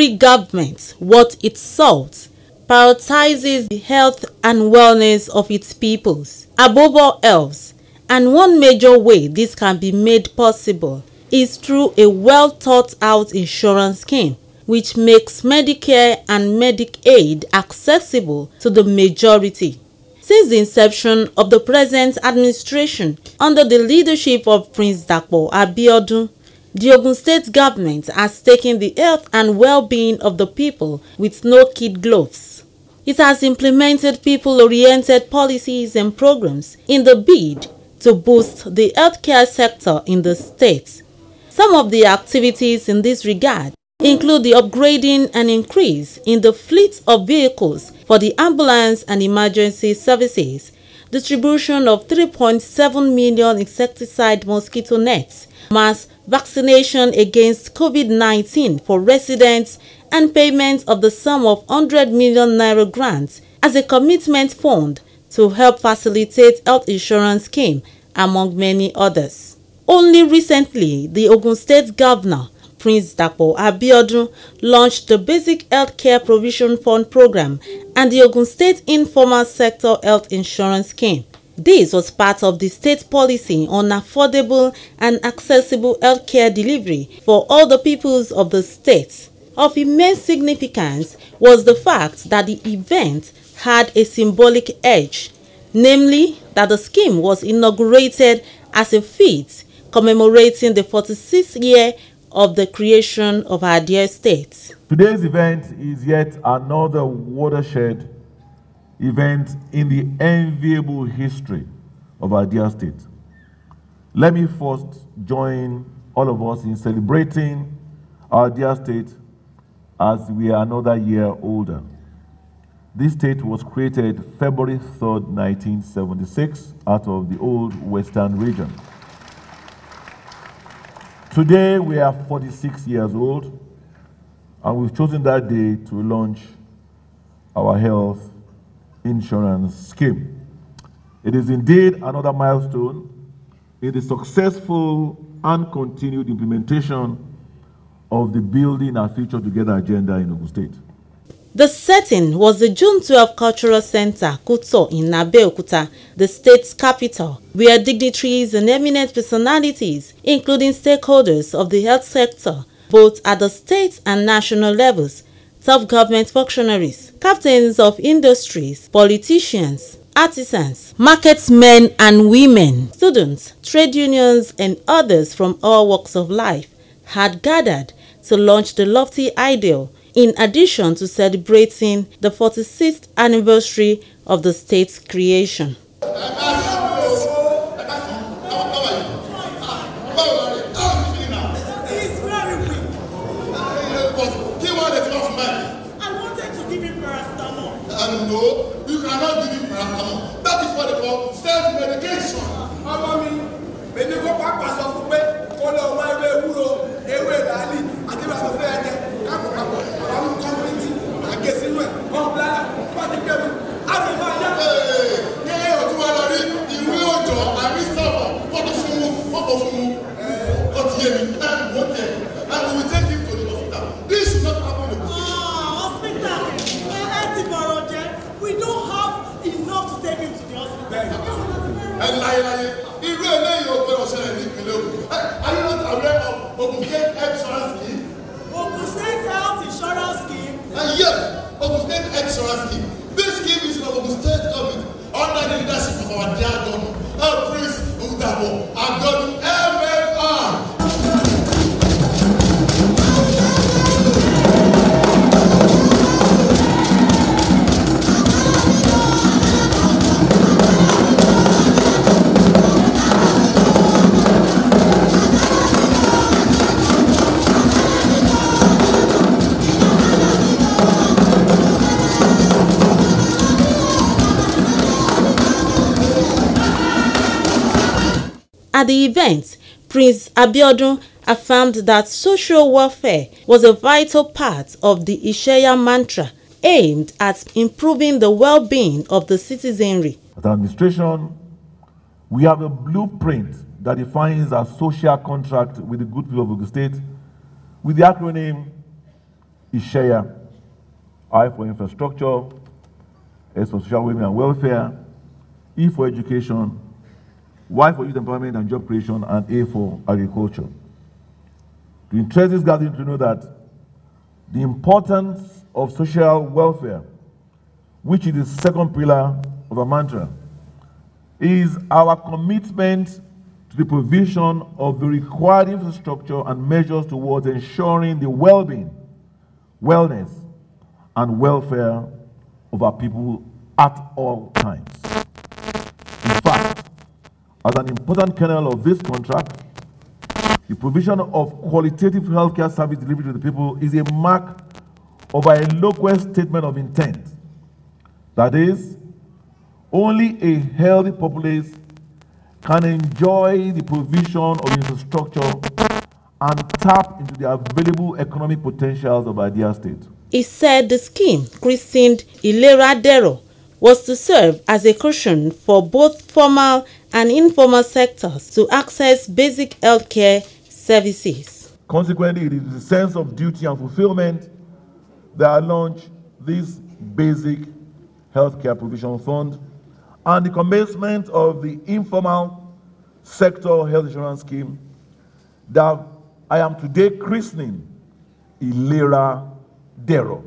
every government what it sought prioritizes the health and wellness of its peoples above all else and one major way this can be made possible is through a well thought out insurance scheme which makes Medicare and Medicaid accessible to the majority. Since the inception of the present administration under the leadership of Prince Dapo Abiodun, the Ogun State government has taken the health and well-being of the people with no kid gloves. It has implemented people-oriented policies and programs in the bid to boost the healthcare sector in the state. Some of the activities in this regard include the upgrading and increase in the fleet of vehicles for the ambulance and emergency services, distribution of 3.7 million insecticide mosquito nets, mass vaccination against COVID-19 for residents and payments of the sum of 100 million naira grants as a commitment fund to help facilitate health insurance scheme among many others. Only recently, the Ogun State Governor, Prince Dapo Abiodun, launched the Basic Healthcare Provision Fund Program and the Ogun State Informal Sector Health Insurance Scheme. This was part of the state policy on affordable and accessible healthcare delivery for all the peoples of the state. Of immense significance was the fact that the event had a symbolic edge, namely that the scheme was inaugurated as a feat commemorating the 46th year of the creation of our dear state. Today's event is yet another watershed event in the enviable history of our dear state. Let me first join all of us in celebrating our dear state as we are another year older. This state was created February 3, 1976, out of the old Western region. Today, we are 46 years old, and we've chosen that day to launch our health insurance scheme. It is indeed another milestone in the successful and continued implementation of the Building Our Future Together agenda in Ogun State. The setting was the June 12 Cultural Center, Kuto, in Abeokuta, the state's capital, where dignitaries and eminent personalities, including stakeholders of the health sector, both at the state and national levels, self-government functionaries, captains of industries, politicians, artisans, marketsmen and women, students, trade unions and others from all walks of life had gathered to launch the lofty ideal in addition to celebrating the 46th anniversary of the state's creation. ẹ láyéláyé irú eléyìí ò gbọdọ̀ ṣẹlẹ̀ ní ìpínlẹ̀ Ògùn are you not aware of Ogun State health insurance scheme. Ogun State health insurance scheme. Uh, yes Ogun State health insurance scheme this scheme is from Ogun State government under the leadership of our dear governor uh, Prince Udabo. At the event, Prince Abiodun affirmed that social welfare was a vital part of the Isheya mantra aimed at improving the well-being of the citizenry. As administration, we have a blueprint that defines our social contract with the good people of the State with the acronym Ishaya: I for infrastructure, S for social welfare and welfare, E for education, Y for youth employment and job creation, and A for agriculture. To interest this gathering to know that the importance of social welfare, which is the second pillar of our mantra, is our commitment to the provision of the required infrastructure and measures towards ensuring the well-being, wellness, and welfare of our people at all times. As an important kernel of this contract, the provision of qualitative healthcare service delivery to the people is a mark of a loquacious statement of intent. That is, only a healthy populace can enjoy the provision of infrastructure and tap into the available economic potentials of our dear state. He said the scheme, christened Ilera Dero, was to serve as a cushion for both formal and informal sectors to access basic healthcare services. Consequently, it is a sense of duty and fulfillment that I launched this basic healthcare provision fund and the commencement of the informal sector health insurance scheme that I am today christening Ilera Dero.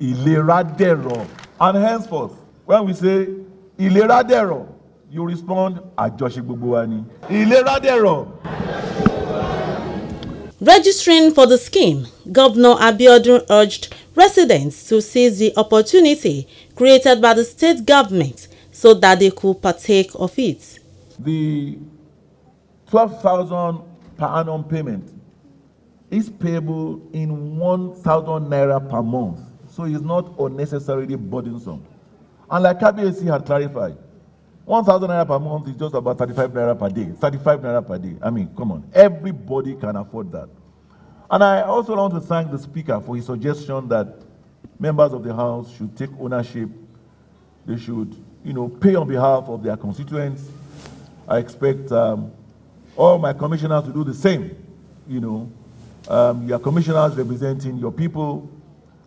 Ilera Dero. And henceforth, when we say Ilera Dero, you respond àjọṣe gbogbo wa ni. ìlera dẹ̀rọ̀. Registering for the scheme, Governor Abiodun urged residents to seize the opportunity created by the state government so that they could partake of it. The twelve thousand per annum payment is payable in one thousand naira per month, so it's not unnecessarily burdensome. And like Kabiyesi had clarified, 1,000 naira per month is just about 35 naira per day. 35 naira per day. I mean, come on. Everybody can afford that. And I also want to thank the Speaker for his suggestion that members of the House should take ownership. They should, you know, pay on behalf of their constituents. I expect um, all my commissioners to do the same. You know, um, your commissioners representing your people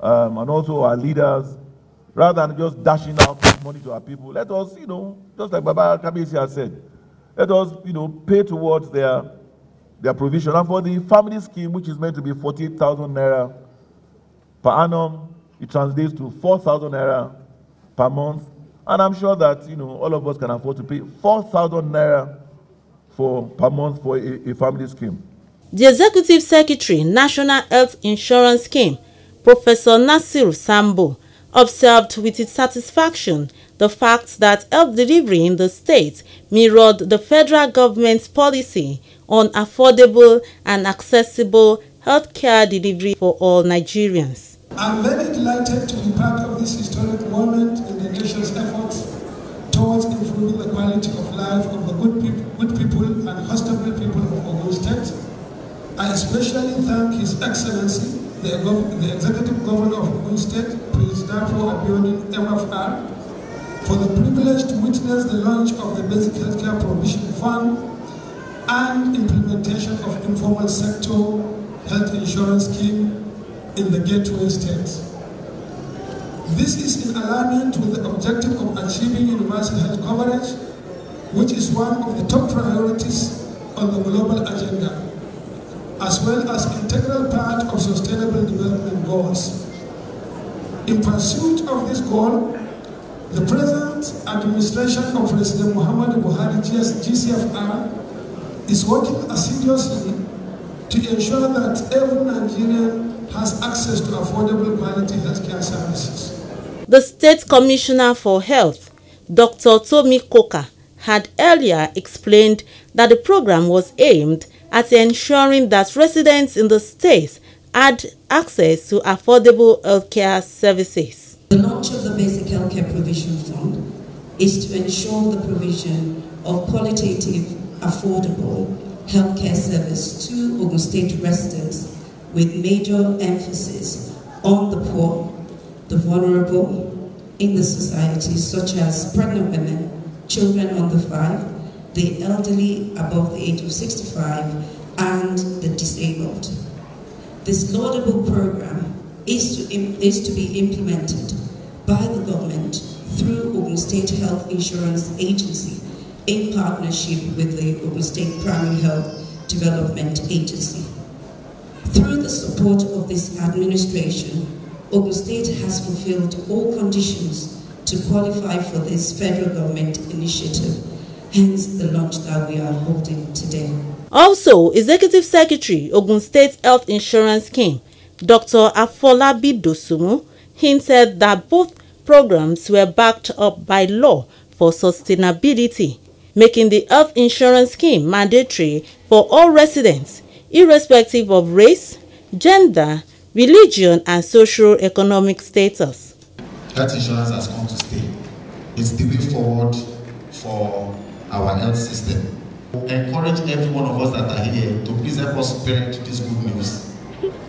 um, and also our leaders, rather than just dashing out. money to our people. Let us, you know, just like Baba Kabisi has said, let us, you know, pay towards their their provision. And for the family scheme, which is meant to be 48,000 naira per annum, it translates to 4,000 naira per month. And I'm sure that, you know, all of us can afford to pay 4,000 naira for, per month for a, a family scheme. The Executive Secretary, National Health Insurance Scheme, Professor Nasir Sambo, observed with satisfaction the fact that health delivery in the state mirrored the federal government's policy on affordable and accessible healthcare delivery for all Nigerians. I'm very delighted to be part of this historic moment in the nation's efforts towards improving the quality of life of the good, pe good people and hospitable people of Ogun State. I especially thank His Excellency the, the Executive Governor of Ogun State, Prince Dapo Abiodun MFR, for the privilege to witness the launch of the Basic Healthcare Provision Fund and implementation of informal sector health insurance scheme in the gateway states. This is in alignment with the objective of achieving universal health coverage, which is one of the top priorities on the global agenda as well as integral part of sustainable development goals. In pursuit of this goal, the present administration of President Muhammad Buhari GCFR is working assiduously to ensure that every Nigerian has access to affordable quality healthcare services. The State Commissioner for Health, Dr. Tomi Koka, had earlier explained that the program was aimed at ensuring that residents in the state had access to affordable healthcare services. The launch of the Basic Healthcare Provision Fund is to ensure the provision of qualitative, affordable healthcare service to Ogun State residents with major emphasis on the poor, the vulnerable in the society, such as pregnant women, children under five, the elderly above the age of 65, and the disabled. This laudable program is to, is to be implemented by the government through Ogun State Health Insurance Agency in partnership with the Ogun State Primary Health Development Agency. Through the support of this administration, Ogun State has fulfilled all conditions to qualify for this federal government initiative hence the launch that we are holding today. Also, Executive Secretary Ogun State Health Insurance Scheme, Dr. Afola Dosumu, hinted that both programs were backed up by law for sustainability, making the health insurance scheme mandatory for all residents, irrespective of race, gender, religion, and socio-economic status. Health insurance has come to stay. It's the way forward for our health system. Encourage every one of us that are here to please help us spread this good news.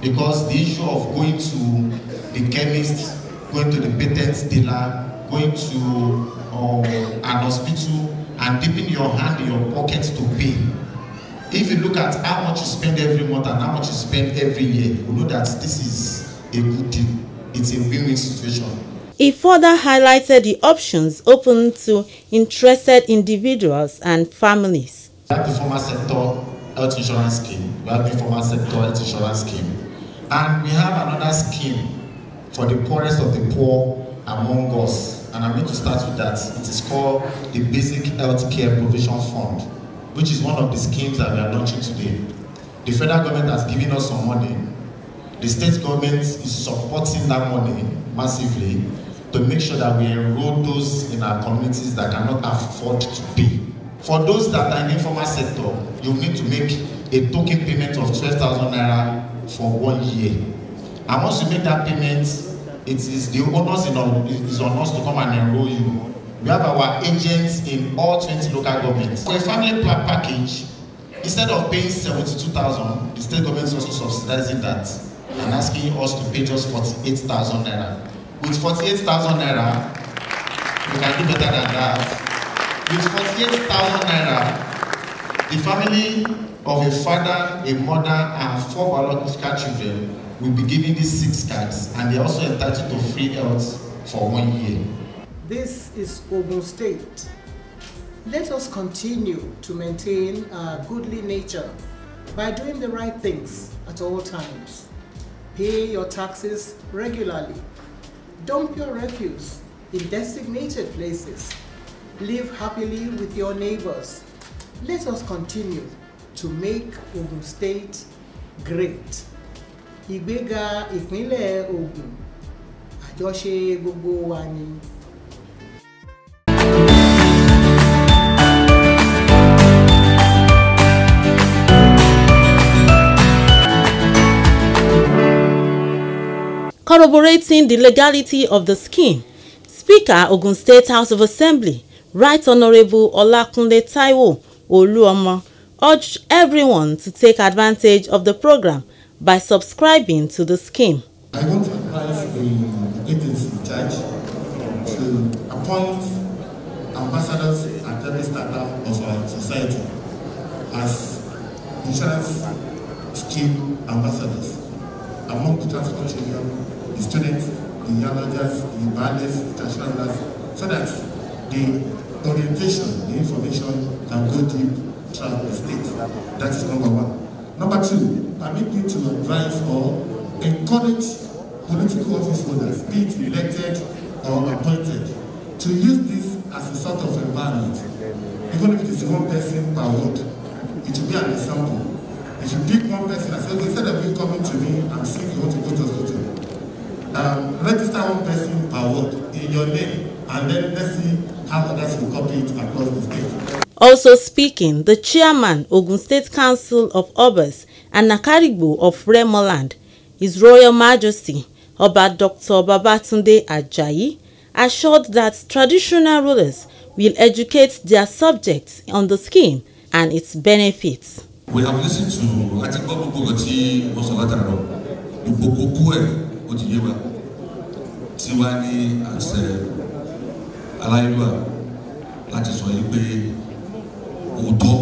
Because the issue of going to the chemist, going to the patent dealer, going to um, an hospital and dipping your hand in your pocket to pay. If you look at how much you spend every month and how much you spend every year, you know that this is a good deal. It's a win-win situation. He further highlighted the options open to interested individuals and families. Like the formal sector health insurance scheme, we have the formal sector health insurance scheme, and we have another scheme for the poorest of the poor among us. And I'm going to start with that. It is called the Basic Health Provision Fund, which is one of the schemes that we are launching today. The federal government has given us some money. The state government is supporting that money massively to make sure that we enroll those in our communities that cannot afford to pay. For those that are in informal sector, you need to make a token payment of 12,000 naira for one year. And once you make that payment, it is the onus in on, it is on us to come and enroll you. We have our agents in all 20 local governments. For a family plan package, instead of paying 72,000, the state government is also subsidizing that and asking us to pay just 48,000 naira with 48,000 naira, we can do better than that. With 48,000 naira, the family of a father, a mother, and four biological children will be given these six cards, and they are also entitled to free health for one year. This is Ogun State. Let us continue to maintain our goodly nature by doing the right things at all times. Pay your taxes regularly Dump your refuse in designated places. Live happily with your neighbors. Let us continue to make Ogun State great. Ìgbéga ìpínlẹ̀ Ogun àjọṣe gbogbo wani. corroborating the legality of the scheme. Speaker Ogun State House of Assembly, Right Honorable Olakunle Taiwo Oluomo, urged everyone to take advantage of the program by subscribing to the scheme. I want to advise the agency charge to appoint ambassadors and every standard of our society as insurance scheme ambassadors among the transport students, the Yamagers, the Bales, the Tashanders, so that the orientation, the information can go deep throughout the state. That is number one. Number two, permit me to advise or encourage political office holders, be it elected or appointed, to use this as a sort of environment. Even if it is one person per ward, it will be an example. If you pick one person and say, instead of you coming to me, I'm you want to go to hospital, um, register one person per work in your name and then let's see how others will copy it across the state. Also speaking, the chairman, Ogun State Council of Obas and Nakarigbo of Remoland, His Royal Majesty, Oba Dr. Babatunde Ajayi, assured that traditional rulers will educate their subjects on the scheme and its benefits. We have listened to, I Bogoti was ó ti yé wa tiwa ní àṣẹ aláyélúwà láti sọ yìí pé òótọ́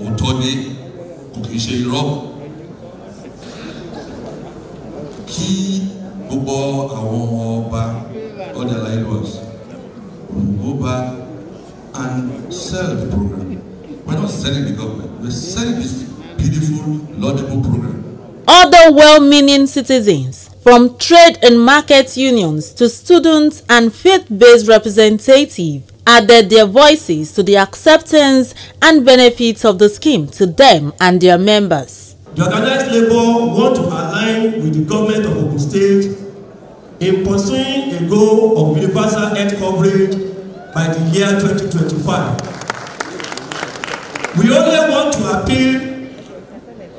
òótọ́ ni kò kì ṣe irọ́ kí gbogbo àwọn ọba ọdẹ aláyélúwà will and sell program we're not selling the government we're selling this beautiful laudable program. Other well-meaning citizens from trade and market unions to students and faith-based representatives added their voices to the acceptance and benefits of the scheme to them and their members. The organized labor want to align with the government of the State in pursuing a goal of universal health coverage by the year 2025. We only want to appeal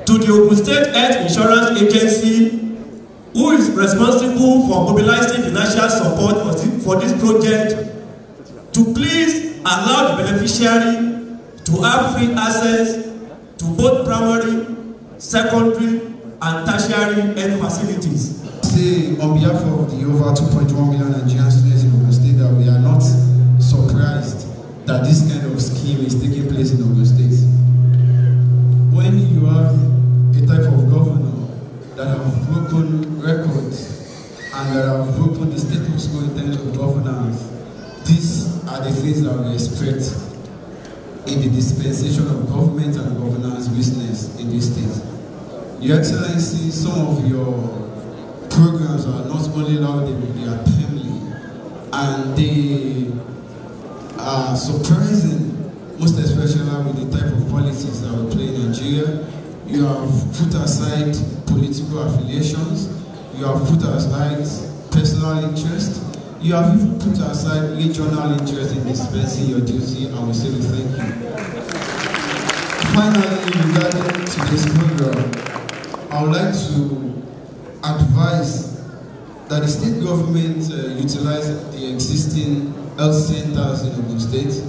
to the Ogun State Health Insurance Agency who is responsible for mobilizing financial support for this, for this project to please allow the beneficiary to have free access to both primary, secondary, and tertiary health facilities. Say on behalf of the over 2.1 million Nigerian students in Ogun State that we are not surprised that this kind of scheme is taking place in Ogun and that uh, have broken the status quo in terms of governance. These are the things that we expect in the dispensation of government and governance business in this state. Your Excellency, some of your programs are not only loud, they are timely, and they are surprising, most especially with the type of politics that we play in Nigeria. You have put aside political affiliations you have put aside personal interest, you have even put aside regional interest in dispensing your duty, and we say we thank you. Finally, regarding today's program, I would like to advise that the state government uh, utilize the existing health centers in Ogun State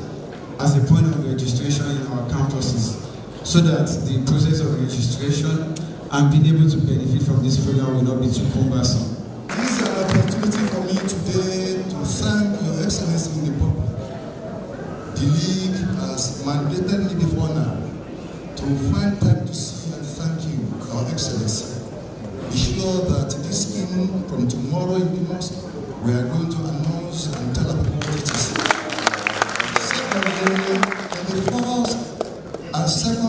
as a point of registration in our campuses so that the process of registration and being able to benefit from this program will not be too cumbersome. This is an opportunity for me today to thank Your Excellency in the public. The League has mandated me before now to find time to see and thank you, Your Excellency. Be sure that this evening, from tomorrow in the mosque, we are going to announce and tell about what it is. Secondly, the first and second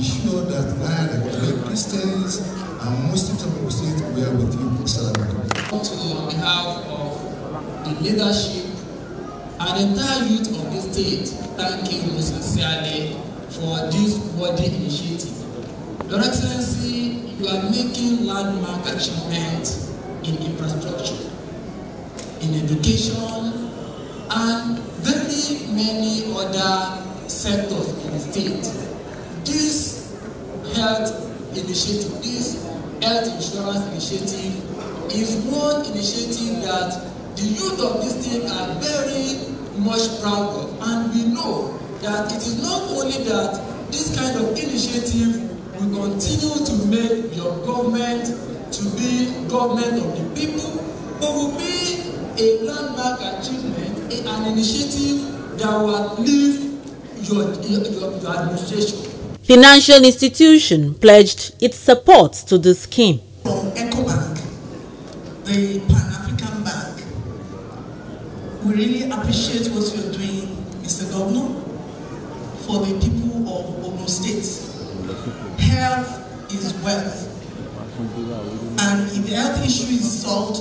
be sure that I the Christians and Muslims and Muslims we are with you. Assalamu alaikum. On behalf of the leadership and entire youth of the state, thank you most sincerely for this worthy initiative. Your Excellency, you are making landmark achievement in infrastructure, in education, and very many other sectors in the state. This health initiative. This health insurance initiative is one initiative that the youth of this state are very much proud of. And we know that it is not only that this kind of initiative will continue to make your government to be government of the people, but will be a landmark achievement, an initiative that will leave your, your, your administration. financial institution pledged its support to the scheme. From EcoBank, the Pan-African Bank, we really appreciate what you're doing, Mr. Governor, for the people of Ogun State. Health is wealth. And if the health issue is solved,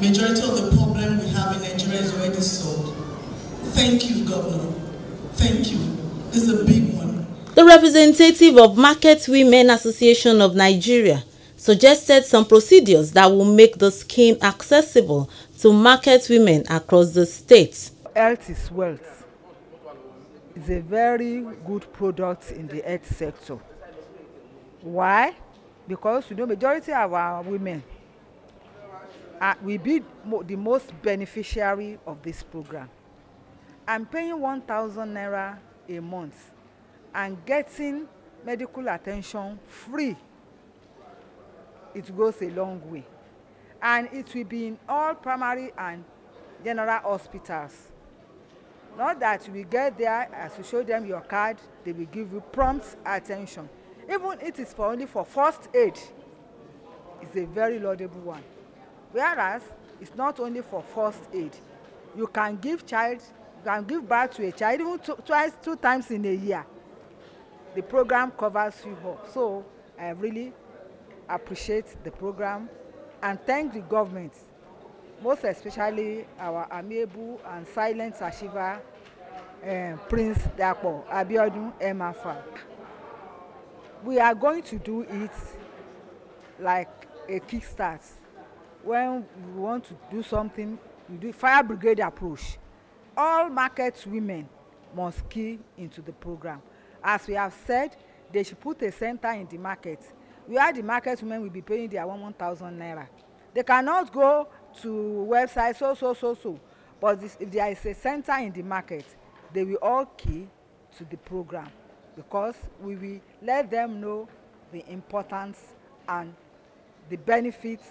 majority of the problem we have in Nigeria is already solved. Thank you, Governor. Thank you. This is a big one. The representative of Market Women Association of Nigeria suggested some procedures that will make the scheme accessible to market women across the state. Health is wealth. It's a very good product in the health sector. Why? Because you know majority of our women uh, will be mo the most beneficiary of this program. I'm paying 1,000 naira a month and getting medical attention free it goes a long way and it will be in all primary and general hospitals not that you will get there as you show them your card they will give you prompt attention even it is for only for first aid it's a very laudable one whereas it's not only for first aid you can give child you can give birth to a child even twice two times in a year the program covers you all. So I really appreciate the program and thank the government, most especially our amiable and silent Ashiva uh, Prince Dapo Abiodun Emafa. We are going to do it like a kickstart. When we want to do something, we do fire brigade approach. All market women must key into the program as we have said they should put a center in the market where the market women will be paying their one one thousand naira they cannot go to website so so so so but this, if there is a center in the market they will all key to the program because we will let them know the importance and the benefits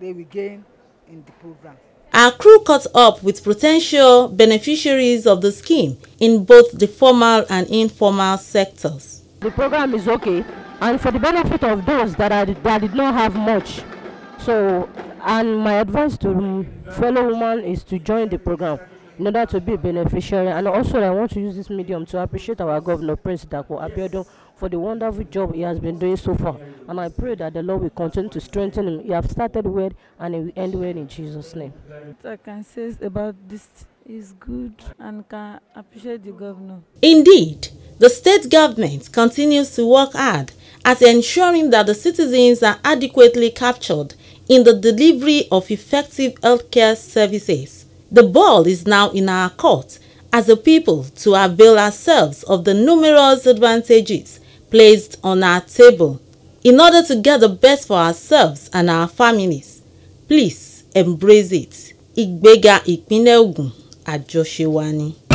they will gain in the program. Our crew caught up with potential beneficiaries of the scheme in both the formal and informal sectors. The program is okay and for the benefit of those that, are, that did not have much. So, and my advice to fellow women is to join the program in order to be a beneficiary. And also, I want to use this medium to appreciate our governor, Prince Dako Abiodun, for the wonderful job he has been doing so far. And I pray that the Lord will continue to strengthen him. He has started well and he will end well in Jesus' name. What I can say about this is good and can appreciate the governor. Indeed, the state government continues to work hard at ensuring that the citizens are adequately captured in the delivery of effective healthcare services. The ball is now in our court as a people to avail ourselves of the numerous advantages placed on our table in order to get the best for ourselves and our families. Please embrace it. Ìgbéga ìpínlẹ̀ Ògùn àjọṣe wa ni.